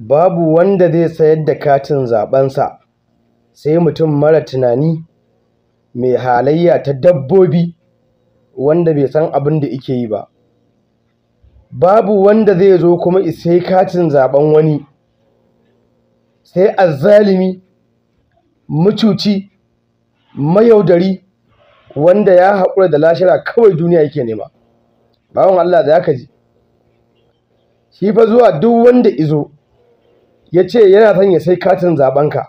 Babu wanda zai sayar da katin zaɓensa, sai mutum mara tunani, mai halayya ta dabbobi, wanda bai san abin da yake yi ba. Babu wanda zai zo kuma isai katin zaɓen wani, sai azzalumi, macuci, mayaudari, wanda ya haƙura da lashira kawai duniya yake nema. Bawan Allah da ya ji, shi fa zuwa duk wanda izo. ya ce yana son ya sai katin zabanka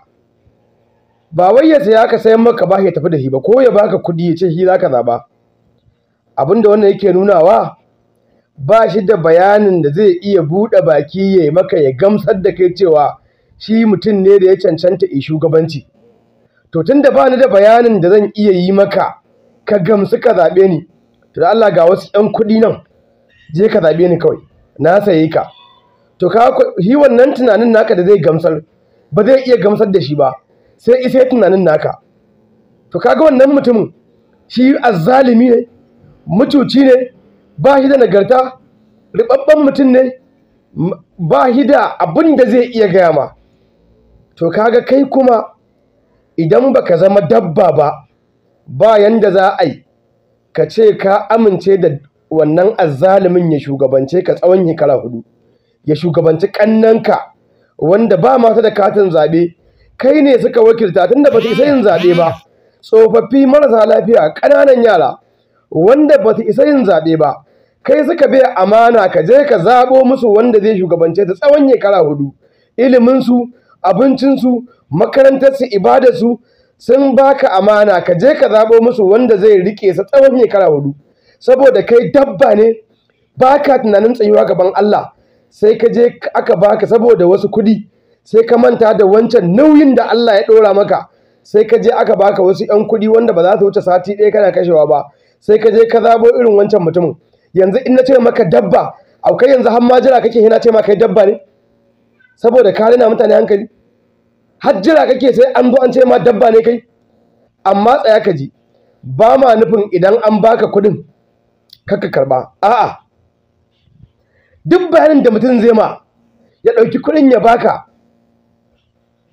ba wai ya saya ka sayan maka ba ya tafi da shi ba ko ya baka kudi ya ce shi za zaba zaɓa abinda wannan yake nunawa ba shi da bayanin da zai iya buɗe baki ya yi maka ya gamsar da kai cewa shi mutum ne da ya cancanta i shugabanci to tun da bani da bayanin da zan iya yi maka ka gamsu ka zaɓe ni to da Allah ga wasu 'yan kuɗi nan je ka zaɓe ni kawai na saye ka to ka yi wannan tunanin naka da zai gamsar ba zai iya gamsar da shi ba sai isa tunanin naka to kaga wannan mutumin shi azzalimi ne mutuci ne ba shi da nagarta ribabban mutum ne ba shi da abin da zai iya gaya ma to kaga kai kuma idan baka zama dabba ba ba yanda za a yi ka ce ka amince da wannan azzalimin ya shugabance ka tsawon shekara hudu ya shugabanci ƙannanka wanda ba mata da katin zaɓe kai ne suka wakilta tunda ba su isa yin zaɓe ba tsofaffi marasa lafiya ƙananan yara wanda ba su isa yin zaɓe ba kai suka biya amana ka je ka zaɓo musu wanda zai shugabance ta tsawon shekara hudu iliminsu abincinsu makarantarsu ibadarsu sun baka amana ka je ka zaɓo musu wanda zai riƙe sa tsawon shekara hudu saboda kai dabba ne baka tunanin tsayuwa gaban Allah sai ka je aka baka saboda wasu kuɗi sai ka manta da wancan nauyin da Allah ya ɗora maka sai ka je aka baka wasu 'yan kuɗi wanda ba za su wuce sati ɗaya kana kashewa ba sai ka je ka zabo irin wancan mutumin yanzu in na ce maka dabba kai yanzu har ma jira kake hina ce ma kai dabba ne saboda ka rina mutane hankali har jira kake sai an zo an ce ma dabba ne kai amma tsaya ka ji ba ma nufin idan an baka kuɗin kaka karba a'a duk bayanin da mutum zai ma ya ɗauki kuɗin ya baka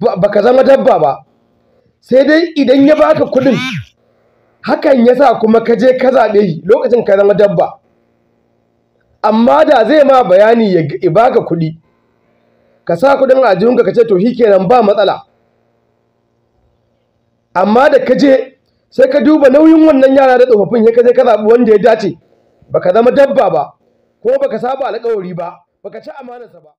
ba ka zama dabba ba sai dai idan ya baka kuɗin hakan ya sa kuma ka je ka zaɓe lokacin ka zama dabba amma da zai ma bayani ya baka kuɗi ka sa kuɗin a ka ce to shi kenan ba matsala amma da ka je sai ka duba nauyin wannan yara da tsofaffin ya ka je ka zaɓi wanda ya dace ba ka zama dabba ba ko baka saba alƙawari ba baka ci amanarsa ba